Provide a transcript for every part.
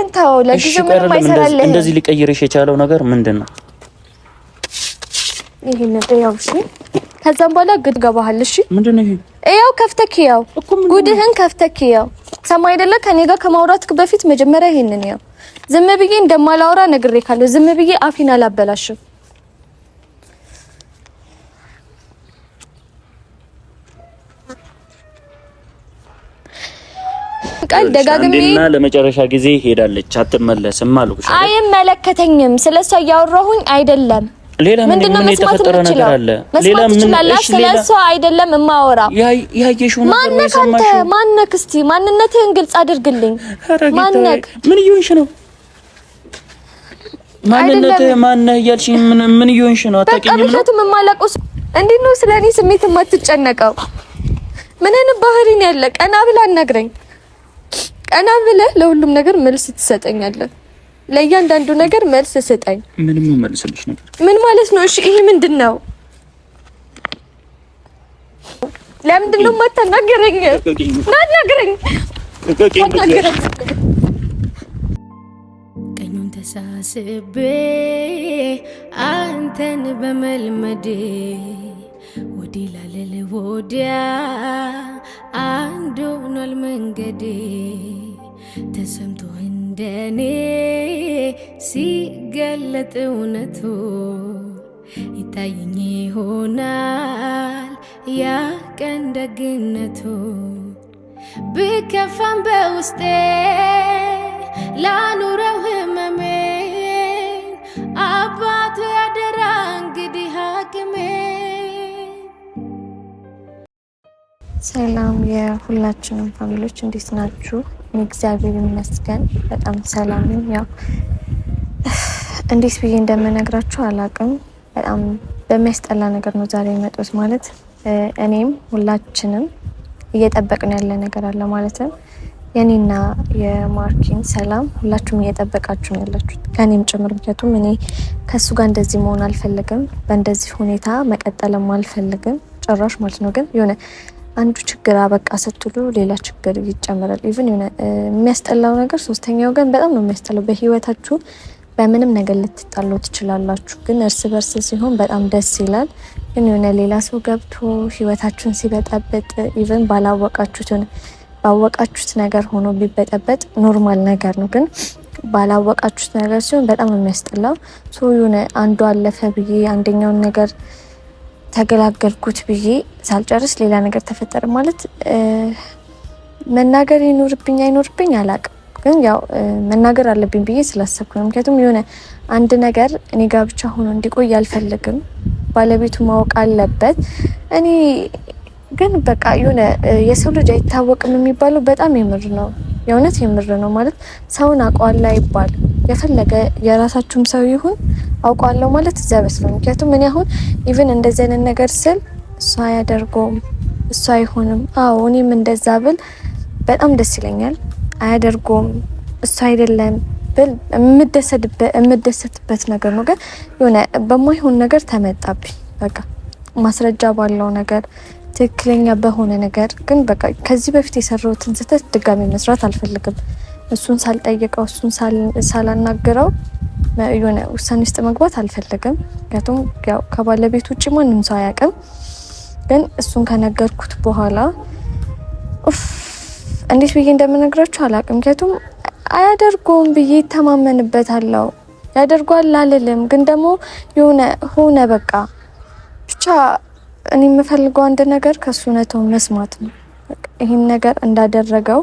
ግን ተው፣ ለጊዜው ምንም አይሰራልህ። እንደዚህ ሊቀይርሽ የቻለው ነገር ምንድን ነው? ይሄን ያው እሺ፣ ከዛም በኋላ ግድ ገባሃል። እሺ ምንድነው? ይሄ? ያው ከፍተክ ያው ጉድህን ከፍተክ ያው ሰማ አይደለ? ከኔ ጋር ከማውራትክ በፊት መጀመሪያ ይሄንን ያው ዝም ብዬ እንደማላወራ ነግሬካለሁ። ዝም ብዬ አፌን አላበላሽም። ቃል ደጋግሜ ለመጨረሻ ጊዜ ሄዳለች፣ አትመለስም አልኩሽ። አይመለከተኝም፣ ስለሷ እያወራሁኝ አይደለም። ሌላ ምን የተፈጠረ ነገር አለ? ሌላ ምን እሺ፣ ስለሷ አይደለም እማወራው። ያየሽው ነው ማነክ? አንተ ማነክ? እስቲ ማንነትህን ግልጽ አድርግልኝ። ማነክ? ምን እየሆንሽ ነው? ማንነት ማነህ እያልሽኝ ምን ምን እየሆንሽ ነው? አታውቂኝም ነው? በቃ የማላውቀው እንዴት ነው ስለኔ ስሜት የማትጨነቀው? ምንን ባህሪን ነው ያለ? ቀና ብላ አናግረኝ። ቀና ብለህ ለሁሉም ነገር መልስ ትሰጠኛለህ። ለእያንዳንዱ ነገር መልስ ስጠኝ። ምንም መልስልሽ ነገር ምን ማለት ነው? እሺ ይሄ ምንድን ነው? ለምንድን ነው የማታናገረኝ? ናናገረኝ። ቀኙን ተሳስቤ አንተን በመልመዴ ወዲህ ላልል ወዲያ አንድ ሆኗል መንገዴ ተሰምቶ እንደኔ ሲገለጥ እውነቱ ይታየኝ ይሆናል ያ ቀን ደግነቱ ብከፋም በውስጤ ላኑረው ህመሜን አባቱ ሰላም የሁላችንም ፋሚሊዎች እንዴት ናችሁ? እግዚአብሔር ይመስገን በጣም ሰላም ያው እንዴት ብዬ እንደምነግራችሁ አላቅም። በጣም በሚያስጠላ ነገር ነው ዛሬ የመጡት ማለት እኔም ሁላችንም እየጠበቅን ያለ ነገር አለ ማለትም የኔና የማርኪን ሰላም ሁላችሁም እየጠበቃችሁ ነው ያላችሁት፣ ከኔም ጭምር። ምክንያቱም እኔ ከእሱ ጋር እንደዚህ መሆን አልፈልግም፣ በእንደዚህ ሁኔታ መቀጠልም አልፈልግም ጭራሽ ማለት ነው። ግን የሆነ አንዱ ችግር አበቃ ስትሉ ሌላ ችግር ይጨምራል። ኢቭን የሆነ የሚያስጠላው ነገር ሶስተኛው ወገን በጣም ነው የሚያስጠላው። በህይወታችሁ በምንም ነገር ልትጣሉ ትችላላችሁ፣ ግን እርስ በርስ ሲሆን በጣም ደስ ይላል። ግን የሆነ ሌላ ሰው ገብቶ ህይወታችሁን ሲበጠበጥ ኢቭን ባላወቃችሁት ሆነ ባወቃችሁት ነገር ሆኖ ቢበጠበጥ ኖርማል ነገር ነው። ግን ባላወቃችሁት ነገር ሲሆን በጣም ነው የሚያስጠላው። ሶ የሆነ አንዱ አለፈ ብዬ አንደኛውን ነገር ተገላገልኩት ብዬ ሳልጨርስ ሌላ ነገር ተፈጠረ ማለት መናገር ይኖርብኝ አይኖርብኝ አላቅም፣ ግን ያው መናገር አለብኝ ብዬ ስላሰብኩ ነው። ምክንያቱም የሆነ አንድ ነገር እኔ ጋር ብቻ ሆኖ እንዲቆይ አልፈልግም። ባለቤቱ ማወቅ አለበት። እኔ ግን በቃ የሆነ የሰው ልጅ አይታወቅም የሚባለው በጣም የምር ነው። የእውነት የምር ነው ማለት ሰውን አውቀዋለሁ አይባልም። የፈለገ የራሳችሁም ሰው ይሁን አውቀዋለሁ ማለት እዚያ ነው ምክንያቱም እኔ አሁን ኢቭን እንደዚህ አይነት ነገር ስል እሱ አያደርገውም እሱ አይሆንም፣ አዎ እኔም እንደዛ ብል በጣም ደስ ይለኛል። አያደርገውም እሱ አይደለም ብል የምደሰትበት ነገር ነው። ግን የሆነ በማይሆን ነገር ተመጣብኝ። በቃ ማስረጃ ባለው ነገር ትክክለኛ በሆነ ነገር ግን በቃ ከዚህ በፊት የሰራሁትን ስህተት ድጋሚ መስራት አልፈልግም። እሱን ሳልጠይቀው እሱን ሳላናግረው የሆነ ውሳኔ ውስጥ መግባት አልፈለግም። ምክንያቱም ከባለቤት ውጭ ማንም ሰው አያውቅም። ግን እሱን ከነገርኩት በኋላ እንዴት ብዬ እንደምነግራችሁ አላውቅም። ምክንያቱም አያደርገውም ብዬ ይተማመንበታለሁ። ያደርጓል አልልም፣ ግን ደግሞ የሆነ ሆነ በቃ ብቻ እኔ የምፈልገው አንድ ነገር ከእሱ እውነታውን መስማት ነው። ይህን ነገር እንዳደረገው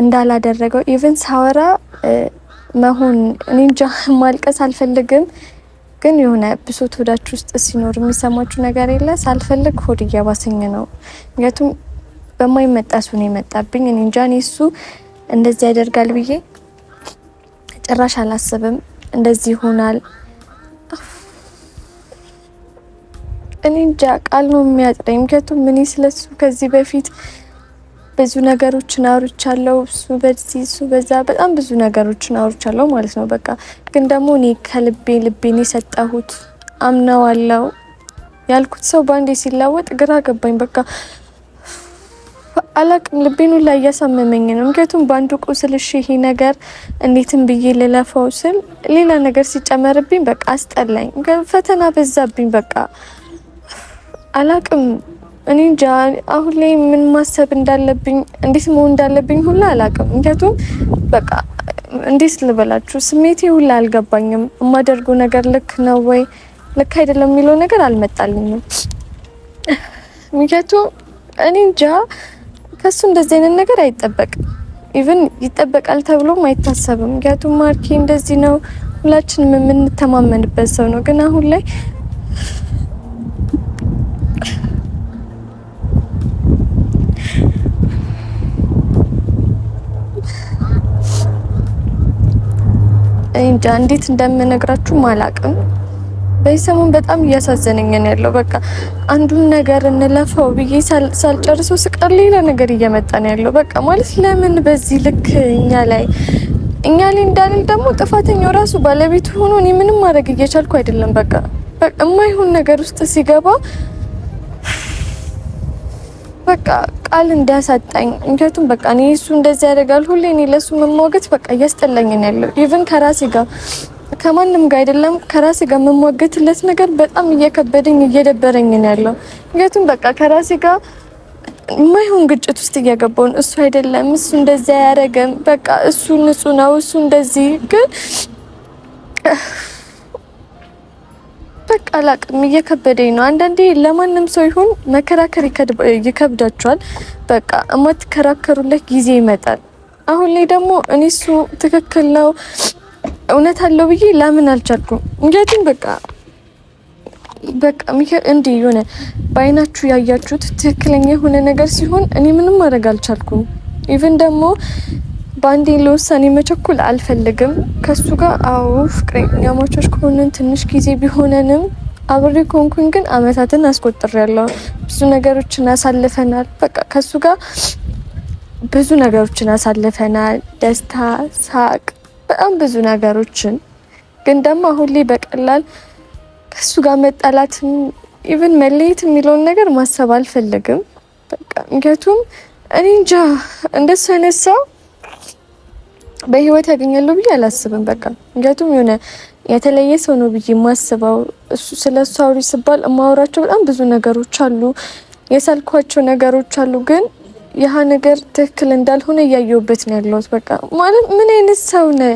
እንዳላደረገው ኢቨን ሳወራ መሆን እኔ እንጃ ማልቀስ አልፈልግም፣ ግን የሆነ ብሶት ሆዳችሁ ውስጥ ሲኖር የሚሰማችሁ ነገር የለ። ሳልፈልግ ሆድ እያባሰኝ ነው፣ ምክንያቱም በማይመጣ ሱን የመጣብኝ። እኔ እንጃ እኔ እሱ እንደዚህ ያደርጋል ብዬ ጭራሽ አላስብም። እንደዚህ ይሆናል እኔ እንጃ ቃል ነው የሚያጥረኝ፣ ምክንያቱም እኔ ስለሱ ከዚህ በፊት ብዙ ነገሮችን አውርቻለሁ። እሱ በዚህ እሱ በዛ በጣም ብዙ ነገሮችን አውርቻለሁ ማለት ነው። በቃ ግን ደግሞ እኔ ከልቤ ልቤን የሰጠሁት አለው ያልኩት ሰው በአንዴ ሲላወጥ ግራ ገባኝ። በቃ አላቅም፣ ልቤኑ ላይ እያሳመመኝ ነው። ምክንያቱም በአንዱ ቁስልሽ ይሄ ነገር እንዴትም ብዬ ልለፈው ስል ሌላ ነገር ሲጨመርብኝ በቃ አስጠላኝ። ፈተና በዛብኝ። በቃ አላቅም እኔ እንጃ አሁን ላይ ምን ማሰብ እንዳለብኝ እንዴት መሆን እንዳለብኝ ሁላ አላውቅም። ምክንያቱም በቃ እንዴት ልበላችሁ ስሜቴ ሁላ አልገባኝም። የማደርገው ነገር ልክ ነው ወይ ልክ አይደለም የሚለው ነገር አልመጣልኝም። ምክንያቱም እኔ እንጃ ከሱ እንደዚህ አይነት ነገር አይጠበቅም። ኢቭን ይጠበቃል ተብሎም አይታሰብም። ምክንያቱም ማርኬ እንደዚህ ነው፣ ሁላችንም የምንተማመንበት ሰው ነው። ግን አሁን ላይ እንጃ እንዴት እንደምነግራችሁ አላቅም። በዚህ በጣም እያሳዘነኝ ነው ያለው። በቃ አንዱን ነገር እንለፈው ብዬ ሳልጨርሰው ስቀር ሌላ ነገር እየመጣ ነው ያለው። በቃ ማለት ለምን በዚህ ልክ እኛ ላይ እኛ ላይ እንዳልል ደግሞ ጥፋተኛው ራሱ ባለቤቱ ሆኖ እኔ ምንም ማድረግ እየቻልኩ አይደለም። በቃ በቃ የማይሆን ነገር ውስጥ ሲገባ በቃ ቃል እንዳያሳጣኝ። ምክንያቱም በቃ እኔ እሱ እንደዚህ ያደርጋል ሁሌ እኔ ለእሱ መሟገት በቃ እያስጠላኝን ያለው ኢቭን ከራሴ ጋር ከማንም ጋር አይደለም ከራሴ ጋር መሟገትለት ነገር በጣም እየከበደኝ እየደበረኝን ያለው ምክንያቱም በቃ ከራሴ ጋር ማይሆን ግጭት ውስጥ እያገባውን እሱ አይደለም እሱ እንደዚህ አያደርግም፣ በቃ እሱ ንጹህ ነው፣ እሱ እንደዚህ ግን በቃ አላቅም፣ እየከበደኝ ነው። አንዳንዴ ለማንም ሰው ይሁን መከራከር ይከብዳቸዋል በቃ እማትከራከሩለት ጊዜ ይመጣል። አሁን ላይ ደግሞ እኔ እሱ ትክክል ነው እውነት አለው ብዬ ላምን አልቻልኩም። እንግዲህ በቃ በቃ እንዲህ የሆነ በአይናችሁ ያያችሁት ትክክለኛ የሆነ ነገር ሲሆን እኔ ምንም ማድረግ አልቻልኩም። ኢቭን ደግሞ በአንዴ ለውሳኔ መቸኩል አልፈልግም። ከሱ ጋር አዎ ፍቅረኛማቾች ከሆንን ትንሽ ጊዜ ቢሆነንም አብሬ ከሆንኩኝ ግን አመታትን አስቆጥር ያለው ብዙ ነገሮችን አሳልፈናል። በቃ ከሱ ጋር ብዙ ነገሮችን አሳልፈናል። ደስታ፣ ሳቅ፣ በጣም ብዙ ነገሮችን ግን ደግሞ አሁን ላይ በቀላል ከሱ ጋር መጣላትን ኢቭን መለየት የሚለውን ነገር ማሰብ አልፈልግም። በቃ ምክንያቱም እኔ እንጃ እንደሱ አይነት ሰው በህይወት ያገኛለሁ ብዬ አላስብም። በቃ ምክንያቱም የሆነ የተለየ ሰው ነው ብዬ የማስበው ስለ እሱ አውሪ ስባል የማወራቸው በጣም ብዙ ነገሮች አሉ፣ የሳልኳቸው ነገሮች አሉ። ግን ያህ ነገር ትክክል እንዳልሆነ እያየሁበት ነው ያለሁት። በቃ ማለት ምን አይነት ሰው ነ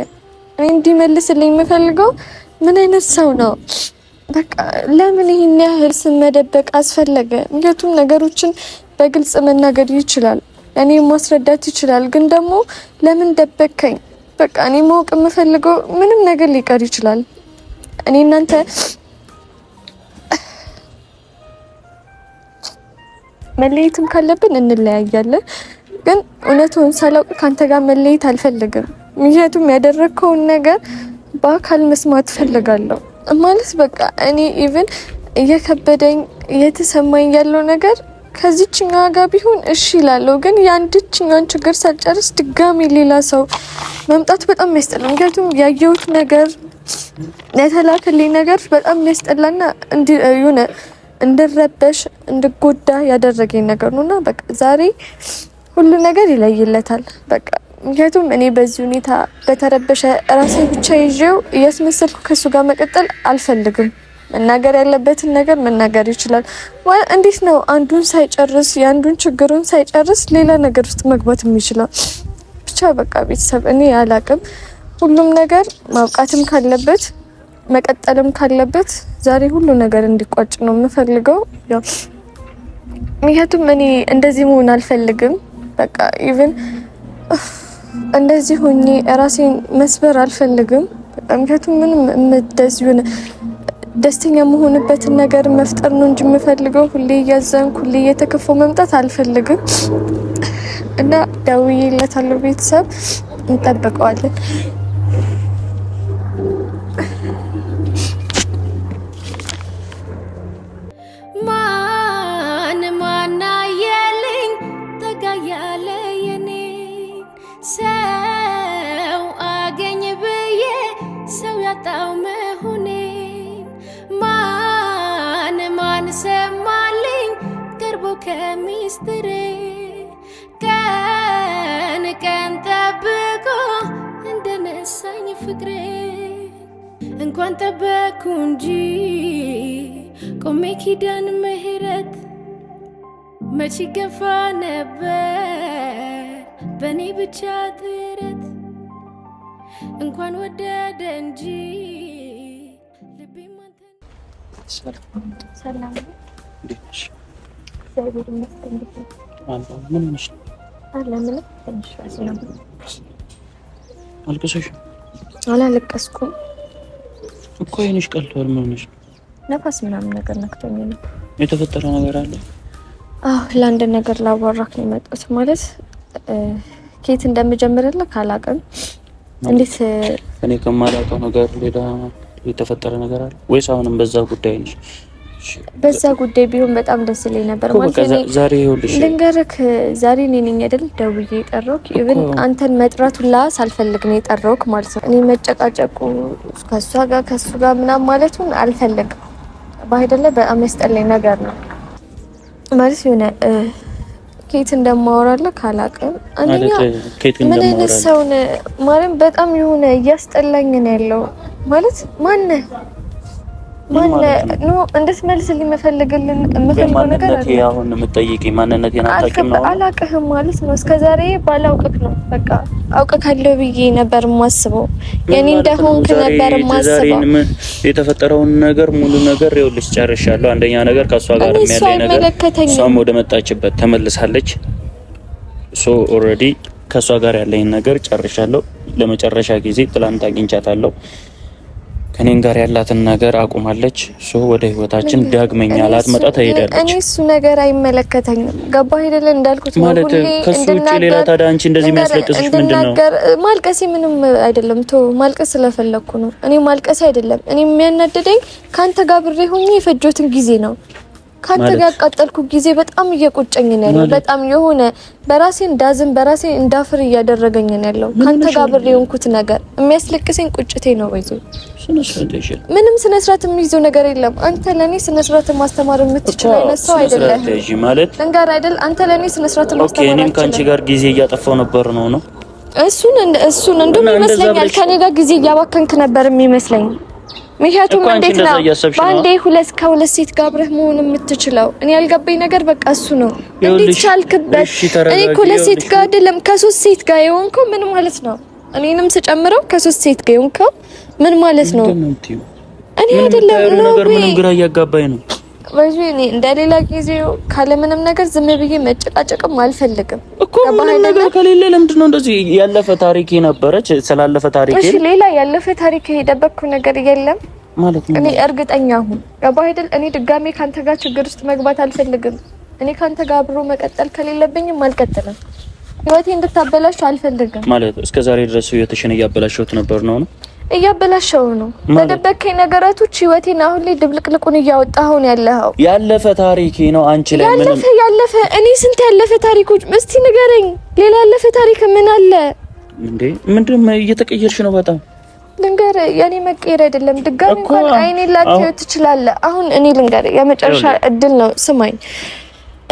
እንዲመልስልኝ የምፈልገው ምን አይነት ሰው ነው? በቃ ለምን ይህን ያህል ስመደበቅ አስፈለገ? ምክንያቱም ነገሮችን በግልጽ መናገር ይችላል። እኔ ማስረዳት ይችላል። ግን ደግሞ ለምን ደበከኝ? በቃ እኔ ማወቅ የምፈልገው ምንም ነገር ሊቀር ይችላል። እኔ እናንተ መለየትም ካለብን እንለያያለን። ግን እውነቱን ሳላውቅ ካንተ ጋር መለየት አልፈልግም። ምክንያቱም ያደረግከውን ነገር በአካል መስማት ፈልጋለሁ። ማለት በቃ እኔ ኢቭን እየከበደኝ እየተሰማኝ ያለው ነገር ከዚችኛ ጋር ቢሆን እሺ ይላለው፣ ግን የአንድችኛዋን ችግር ሳጨርስ ድጋሚ ሌላ ሰው መምጣቱ በጣም የሚያስጠላ ምክንያቱም ያየሁት ነገር የተላከልኝ ነገር በጣም የሚያስጠላና ሆነ እንድረበሽ እንድጎዳ ያደረገኝ ነገር ነውና በቃ ዛሬ ሁሉ ነገር ይለይለታል። በቃ ምክንያቱም እኔ በዚህ ሁኔታ በተረበሸ ራሴ ብቻ ይዤው እያስመሰልኩ ከእሱ ጋር መቀጠል አልፈልግም። መናገር ያለበትን ነገር መናገር ይችላል። እንዴት ነው አንዱን ሳይጨርስ የአንዱን ችግሩን ሳይጨርስ ሌላ ነገር ውስጥ መግባት የሚችለው? ብቻ በቃ ቤተሰብ እኔ አላቅም። ሁሉም ነገር ማብቃትም ካለበት መቀጠልም ካለበት ዛሬ ሁሉ ነገር እንዲቋጭ ነው የምፈልገው። ያው ምክንያቱም እኔ እንደዚህ መሆን አልፈልግም። በቃ ኢቭን እንደዚህ ሆኜ ራሴን መስበር አልፈልግም። በቃ ምክንያቱም ምንም እንደዚህ ደስተኛ መሆንበትን ነገር መፍጠር ነው እንጂ የምፈልገው ሁሌ እያዘንኩ ሁሌ እየተከፋው መምጣት አልፈልግም። እና ደውዬለታለሁ ቤተሰብ እንጠብቀዋለን። ከሚስትሬ ቀን ቀን ጠብቆ እንደነሳኝ ፍቅሬ እንኳን ጠበኩ እንጂ ቆሜ ኪዳን ምሕረት መች ገፋ ነበር በእኔ ብቻ ጥረት እንኳን ወደደ እንጂ ልቤ ማንተ ሰላም እግዚአብሔር ይመስገን። ምን ነሽ? አለምንም ትንሽ ራሱ ነው። አልቅሰሽ? አላለቀስኩም እኮ ይሄንሽ ቀልቷል። ምን ሆነሽ? ነፋስ ምናምን ነገር ነክቶኝ ነው። የተፈጠረ ነገር አለ? አዎ ለአንድ ነገር ላዋራክ ነው የመጣሁት። ማለት ከየት እንደምጀምርልህ አላውቅም። እንዴት እኔ ከማላውቀው ነገር ሌላ የተፈጠረ ነገር አለ ወይስ አሁንም በዛ ጉዳይ ነሽ? በዛ ጉዳይ ቢሆን በጣም ደስ ይለኝ ነበር። ልንገርክ ዛሬ እኔ ነኝ አይደል ደውዬ የጠራሁት። ኢቭን አንተን መጥራት ሁላ ሳልፈልግ ነው የጠራሁት ማለት ነው። እኔ መጨቃጨቁ ከእሷ ጋር ከእሱ ጋር ምናምን ማለቱን አልፈልግም። በአይደለ በጣም ያስጠላኝ ነገር ነው ማለት የሆነ ኬት እንደማወራለ ካላቅም አንደኛ ምን አይነት ሰውን ማለም በጣም የሆነ እያስጠላኝ ነው ያለው ማለት ማነህ እንድትመልስልኝ የምፈልግልን የምፈልገው ነገር አሁን የምትጠይቂኝ ማንነቴን አታውቂም ማለት ነው። እስከዛሬ ባላውቅህ ነው በቃ አውቅሃለሁ ብዬ ነበር ማስበው የኔ እንደሆንክ ነበር የማስበው። የተፈጠረውን ነገር ሙሉ ነገር ይኸውልሽ ጨርሻለሁ። አንደኛ ነገር ከእሷ ጋር የሚያለኝ ነገር እሷም ወደ መጣችበት ተመልሳለች። ሶ ኦልሬዲ ከእሷ ጋር ያለኝ ነገር ጨርሻለሁ። ለመጨረሻ ጊዜ ትላንት አግኝቻታለሁ። ከኔን ጋር ያላትን ነገር አቁማለች። እሱ ወደ ህይወታችን ዳግመኛ ላትመጣ ትሄዳለች። እኔ እሱ ነገር አይመለከተኝም። ገባ አይደለ? እንዳልኩት ማለት ከሱ ውጭ ሌላ ታዲያ አንቺ እንደዚህ የሚያስለቅስሽ ምንድን ነው? ማልቀሴ ምንም አይደለም። ቶ ማልቀስ ስለፈለግኩ ነው። እኔ ማልቀሴ አይደለም። እኔ የሚያናደደኝ ከአንተ ጋር ብሬ ሆኜ የፈጆትን ጊዜ ነው ካንተ ጋር ያቃጠልኩ ጊዜ በጣም እየቆጨኝ ነው ያለው። በጣም የሆነ በራሴ እንዳዝን በራሴ እንዳፍር እያደረገኝ ነው ያለው። ካንተ ጋር ብር የሆንኩት ነገር የሚያስለቅሰኝ ቁጭቴ ነው። ወይዞ ምንም ስነ ስርዓት የሚይዘው ነገር የለም። አንተ ለኔ ስነ ስርዓት ማስተማር የምትችል አይነት ሰው አይደለም። ማለት እንጋር አይደል? አንተ ለኔ ስነ ስርዓት ማስተማር ኦኬ። እኔም ካንቺ ጋር ጊዜ እያጠፋው ነበር ነው ነው እሱን እሱን እንደውም ይመስለኛል ከኔ ጋር ጊዜ እያባከንክ ነበር የሚመስለኝ ምክንያቱም እንዴት ነው በአንዴ ሁለት ከሁለት ሴት ጋር አብረህ መሆን የምትችለው? እኔ ያልገባኝ ነገር በቃ እሱ ነው። እንዴት ቻልክበት? እኔ ከሁለት ሴት ጋር አይደለም ከሶስት ሴት ጋር የሆንከው ምን ማለት ነው? እኔንም ስጨምረው ከሶስት ሴት ጋር የሆንከው ምን ማለት ነው? እኔ አይደለም ነው ግራ እያጋባኝ ነው ባይዙ እኔ እንደሌላ ጊዜው ካለምንም ነገር ዝም ብዬ መጨቃጨቅም አልፈልግም እኮ። ምንም ነገር ከሌለ ለምንድን ነው እንደዚህ? ያለፈ ታሪክ ነበረች ስላለፈ ታሪክ እሺ፣ ሌላ ያለፈ ታሪክ የሄደበት ነገር የለም ማለት ነው። እኔ እርግጠኛ ሁን ገባህ አይደል? እኔ ድጋሜ ካንተ ጋር ችግር ውስጥ መግባት አልፈልግም። እኔ ካንተ ጋር አብሮ መቀጠል ከሌለብኝም አልቀጥልም። ህይወቴ እንድታበላሽ አልፈልግም ማለት እስከዛሬ ድረስ ህይወትሽን እያበላሸሁት ነበር ነው ነው እያበላሸው ነው። ለደበከኝ ነገራቶች ህይወቴን አሁን ላይ ድብልቅልቁን እያወጣኸው ነው ያለኸው። ያለፈ ታሪክ ነው አንቺ ላይ ያለፈ ያለፈ እኔ ስንት ያለፈ ታሪኮች እስቲ ንገረኝ። ሌላ ያለፈ ታሪክ ምን አለ እንዴ? ምንድን እየተቀየርሽ ነው በጣም ልንገር የኔ መቀየር አይደለም። ድጋሚ እንኳን አይኔ ላትዩ ትችላለህ። አሁን እኔ ልንገር የመጨረሻ እድል ነው ስማኝ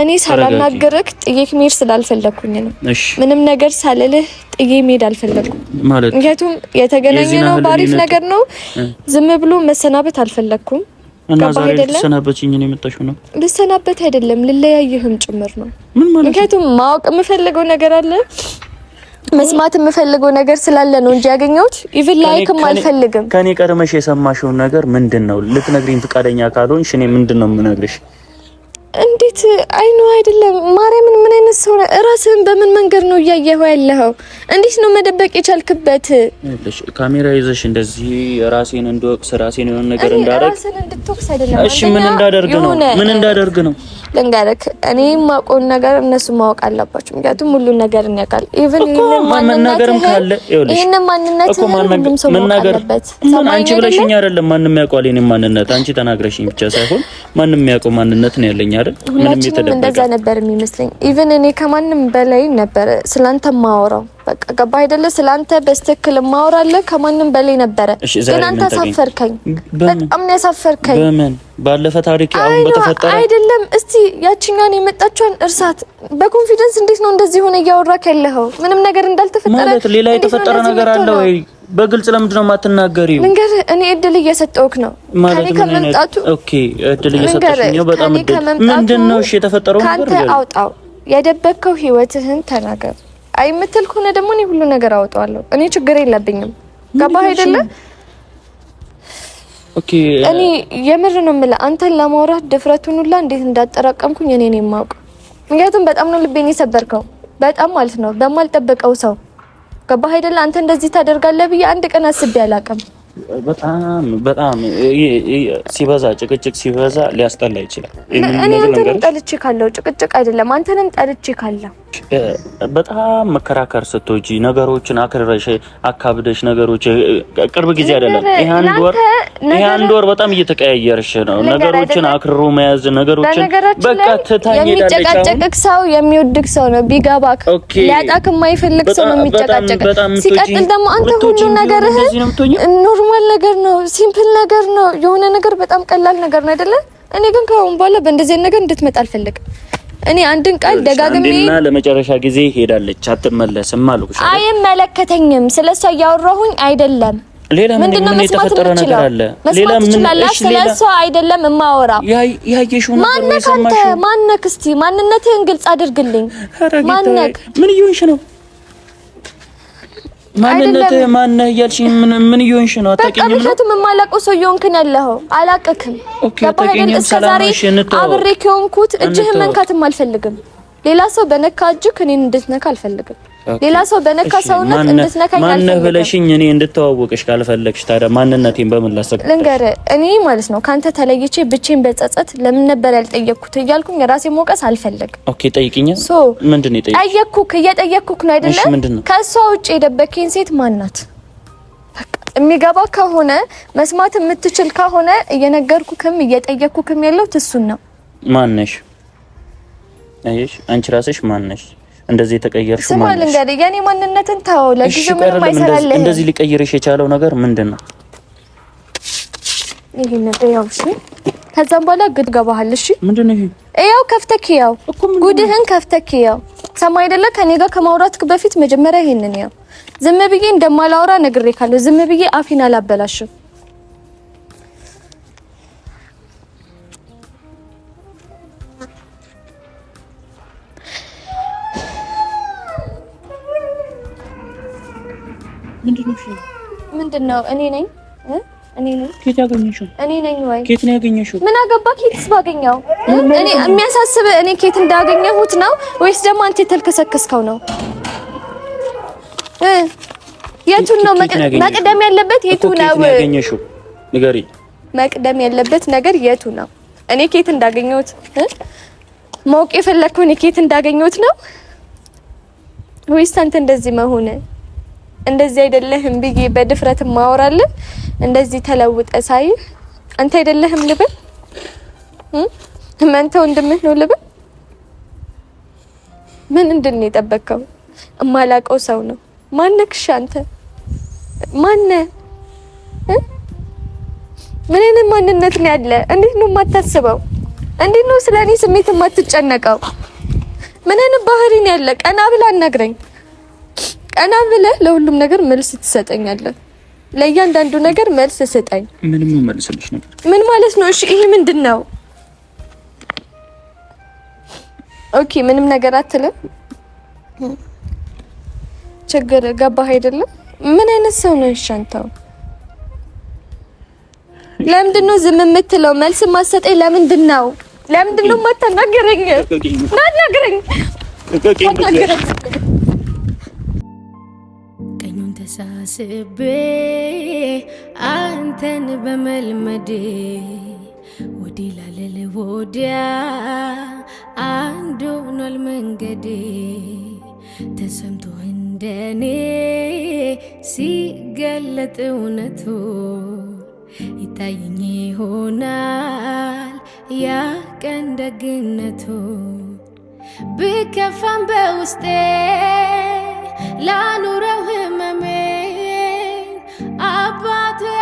እኔ ሳላናግርህ ጥዬህ መሄድ ስላልፈለግኩኝ ነው። ምንም ነገር ሳልልህ ጥዬህ መሄድ አልፈለግኩም። ምክንያቱም የተገናኘ ነው ባሪፍ ነገር ነው። ዝም ብሎ መሰናበት አልፈለግኩም። እና ዛሬ ልትሰናበችኝ ነው የመጣሽው? ነው ልሰናበት አይደለም ልለያየህም ጭምር ነው። ምክንያቱም ማወቅ የምፈልገው ነገር አለ መስማት የምፈልገው ነገር ስላለ ነው እንጂ ያገኘሁት ኢቭን ላይክም አልፈልግም። ከኔ ቀድመሽ የሰማሽውን ነገር ምንድን ነው ልትነግሪኝ? ፍቃደኛ ካልሆንሽ እኔ ምንድን ነው የምነግርሽ? እንዴት አይኑ አይደለም ማርያምን፣ ምን አይነት ሰው ራስህን በምን መንገድ ነው እያየኸው ያለኸው? እንዴት ነው መደበቅ የቻልክበት? ካሜራ ይዘሽ እንደዚህ ራሴን እንድወቅስ ራሴን የሆነ ነገር እንዳደርግ ራስህን እንድትወቅስ አይደለም። እሺ ምን እንዳደርግ ነው? ምን እንዳደርግ ነው ልንገርህ። እኔ ማቆን ነገር እነሱ ማወቅ አለባቸው። ምክንያቱም ሁሉን ነገር ያውቃል። ኢቭን መናገርም ካለ ይኸውልሽ፣ ማንነት ሁሉም ሰው ማወቅ አለበት። አንቺ ብለሽኝ አይደለም ማንም ያውቀዋል። የእኔን ማንነት አንቺ ተናግረሽኝ ብቻ ሳይሆን ማንም ያውቀው ማንነት ነው ያለኝ አይደል? ሁላችንም እንደዛ ነበር የሚመስለኝ። እኔ ከማንም በላይ ነበረ ስላንተ ማወራው። በቃ ገባ አይደለ? ስላንተ በስትክክል ማወራለ ከማንም በላይ ነበረ። ግን አንተ አሳፈርከኝ፣ በጣም ነው ያሳፈርከኝ። በምን ባለፈ ታሪክ አሁን በተፈጠረ አይደለም። እስቲ እርሳት። በኮንፊደንስ እንዴት ነው እንደዚህ ሆነ እያወራክ ያለኸው? ምንም ነገር እንዳልተፈጠረ ማለት ሌላ የተፈጠረ ነገር አለ ወይ? በግልጽ ለምንድን ነው የማትናገሪው? ንገር። እኔ እድል እየሰጠሁህ ነው ማለት ነው። ከመምጣቱ ኦኬ፣ እድል እየሰጠሁህ ነው። በጣም እድል ምንድን ነው? እሺ፣ የተፈጠረው ነገር ካንተ አውጣው። የደበቅከው ህይወትህን ተናገር። አይ የምትል ከሆነ ደግሞ እኔ ሁሉ ነገር አውጣዋለሁ። እኔ ችግር የለብኝም። ገባህ አይደለ? ኦኬ። እኔ የምር ነው የምልህ አንተን ለማውራት ድፍረቱን ሁላ እንዴት እንዳጠራቀምኩኝ እኔ ነኝ የማውቅ። ምክንያቱም በጣም ነው ልቤን የሰበርከው፣ በጣም ማለት ነው በማልጠበቀው ሰው ገባህ አይደለ? አንተ እንደዚህ ታደርጋለህ ብዬ አንድ ቀን አስቤ አላውቅም። በጣም በጣም ሲበዛ ጭቅጭቅ ሲበዛ ሊያስጠላ ይችላል። እኔ አንተንም ጠልቼ ካለው ጭቅጭቅ አይደለም፣ አንተንም ጠልቼ ካለው በጣም መከራከር ስትወጂ ነገሮችን አክርረሽ አካብደሽ ነገሮች ቅርብ ጊዜ አይደለም ይህ አንድ ወር በጣም እየተቀያየርሽ ነው። ነገሮችን አክርሮ መያዝ ነገሮችን በቃ የሚጨቃጨቅክ ሰው የሚወድቅ ሰው ነው ቢገባ ሊያጣክ የማይፈልግ ሰው ነው የሚጨቃጨቅ። ሲቀጥል ደግሞ አንተ ሁሉ ነገርህን ኑሮ ኖርማል ነገር ነው፣ ሲምፕል ነገር ነው። የሆነ ነገር በጣም ቀላል ነገር ነው አይደለ? እኔ ግን ከአሁን በኋላ በእንደዚህ ነገር እንድትመጣ አልፈልግም። እኔ አንድን ቃል ደጋግሜ እና ለመጨረሻ ጊዜ ሄዳለች፣ አትመለስም አልኩሽ። አይመለከተኝም፣ ስለሷ እያወራሁኝ አይደለም። ሌላ ምን የተፈጠረ ነገር አለ? ሌላ ምን ስለሷ አይደለም የማወራው። ያየሽው ነገር ማነክ? አንተ ማነክ? እስቲ ማንነትህን ግልጽ አድርግልኝ። ማነክ? ምን እየሆንሽ ነው? ማንነት ማነህ እያልሽ ምን ምን እየሆንሽ ነው? አታውቂኝም ነው በቃ የማላውቀው ሰው እየሆንክ ነው ያለኸው። አላውቅህም። ኦኬ አታውቂኝም። እስከዛሬ አብሬ ከሆንኩት እጅህን መንካትም አልፈልግም። ሌላ ሰው በነካ እጅህ እኔን እንድትነካ አልፈልግም። ሌላ ሰው በነካ ሰውነት እንድትነካኝ አልፈልግም። ማነህ ብለሽኝ እኔ እንድተዋወቅሽ ካልፈለግሽ ታዲያ ማንነቴን በምን ላሰብ? ልንገር እኔ ማለት ነው ካንተ ተለይቼ ብቼን በጸጸት ለምን ነበር ያልጠየቅኩት እያልኩኝ የራሴ ሞቀስ አልፈልግም። ኦኬ ጠይቅኛ። ምንድን ነው ጠየቅኩህ? እየጠየቅኩህ ነው አይደለ? ከእሷ ውጭ የደበከኝ ሴት ማናት? የሚገባ ከሆነ መስማት የምትችል ከሆነ እየነገርኩክም እየጠየቅኩክም ያለው ትሱን ነው። ማነሽ? አየሽ፣ አንቺ ራስሽ ማነሽ? እንደዚህ የተቀየርሽው ማለት ነው። እንግዲህ የኔ ማንነትን ተው፣ ለጊዜው ምንም አይሰራልህ። እንደዚህ ሊቀይርሽ የቻለው ነገር ምንድን ነው? ያው እሺ፣ ከዛም በኋላ ግድ ገባሃል። እሺ ምንድን ነው ይሄ? ያው ከፍተክ ያው ጉድህን ከፍተክ ያው ሰማ አይደለ? ከኔ ጋር ከማውራትክ በፊት መጀመሪያ ይሄንን ያው ዝም ብዬ እንደማላውራ ነግሬካለሁ። ዝም ብዬ አፌን አላበላሽም። ምንድን ነው? እኔ ነኝ እኔ ነኝ። ኬት ያገኘሽው? እኔ ነኝ ወይ? ኬት ነው ያገኘሽው? ምን አገባ? ኬትስ ባገኘው? እኔ የሚያሳስብ እኔ ኬት እንዳገኘሁት ነው ወይስ ደግሞ አንተ የተልከሰከስከው ነው? የቱን ነው መቅደም ያለበት? የቱ ነው ያገኘሽው? ንገሪ። መቅደም ያለበት ነገር የቱ ነው? እኔ ኬት እንዳገኘሁት ማወቅ የፈለግከው እኔ ኬት እንዳገኘሁት ነው ወይስ አንተ እንደዚህ መሆን እንደዚህ አይደለህም ብዬ በድፍረት ማወራለን እንደዚህ ተለውጠ ሳይ አንተ አይደለህም ልብል መንተ ወንድምህ ነው ልብል ምን እንድን የጠበቅከው? እማላቀው ሰው ነው። ማነክሽ አንተ ማነ? ምን አይነት ማንነት ነው ያለ? እንዴት ነው የማታስበው? እንዴት ነው ስለኔ ስሜት የማትጨነቀው? ምን አይነት ባህሪ ነው ያለ? ቀና ብላ አናግረኝ። ቀና ብለህ ለሁሉም ነገር መልስ ትሰጠኛለህ። ለእያንዳንዱ ነገር መልስ ስጠኝ። ምንም መልስልሽ ነበር። ምን ማለት ነው? እሺ ይሄ ምንድን ነው? ኦኬ ምንም ነገር አትልም። ችግር ገባህ አይደለም? ምን አይነት ሰው ነው? እሺ አንተው ለምንድን ነው ዝም የምትለው? መልስ ማሰጠኝ ለምንድን ነው? ለምንድን ነው የማታናገረኝ? ናናገረኝ ሳስቤ አንተን በመልመዴ ወዲ ላለል ወዲያ አንድ ሆኗል መንገዴ ተሰምቶ እንደኔ ሲገለጥ እውነቱ ይታየኝ ይሆናል ያ ቀን ደግነቱ ብከፋም በውስጤ ላኑረው ህመሜን አባቴ